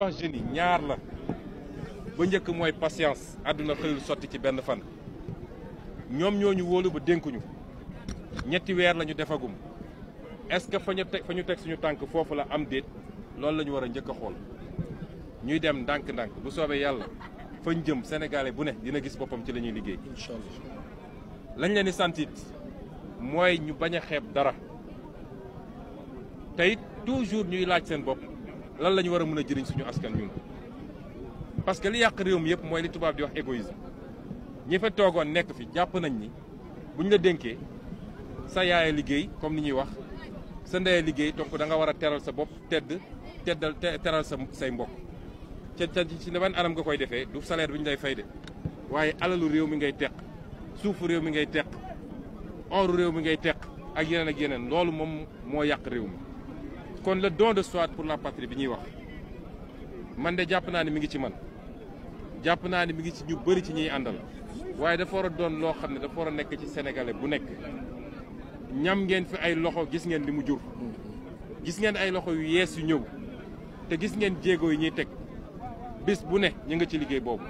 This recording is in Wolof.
jeunes yi ñaar la ba njëkk mooy patience àdduna sotti ci benn fan ñoom ñooñu wóolu ba dénkuñu ñetti weer lañu defagum est-ce que fa ñu teg fa ñu teg suñu tànk foofu la am déet loolu la ñu war a njëkk xool ñuy dem ndànk-ndànk bu soobee yàlla fañ jëm sénégalais bu ne dina gis boppam ci lañuy ñuy liggéey inchallah lañ leen di sant mooy ñu bañ a xeeb dara te it toujours ñuy laaj seen bopp lan la ñu war a mën a jëriñ suñu askan ñun parce que li yàq réew mi yëpp mooy li tubaab di wax égoïsme ñi fa toogoon nekk fi jàpp nañ ni bu ñu la dénkee sa yaaya liggéey comme ni ñuy wax sa ndeye liggéey donc da nga war a teral sa bopp tedd teddal teral sa say mbokk ca ca ci ban anam nga koy defee du salaire bi ñu lay fay de waaye alalu réew mi ngay teq suufu réew mi ngay teq oru réew mi ngay teq ak yeneen ak yeneen loolu moom moo yàq réew mi kon la don de soi pour la patrie bi ñuy wax man de jàpp naa ne mi ngi ci man jàpp naa ne mi ngi ci ñu bëri ci ñuy àndal waaye dafa war a doon loo xam ne dafa war a nekk ci sénégalais bu nekk ñam ngeen fi ay loxo gis ngeen li mu jur gis ngeen ay loxo yu yees yu ñëw te gis ngeen jéego yi ñuy teg bis bu ne ñu nga ci liggéey boobu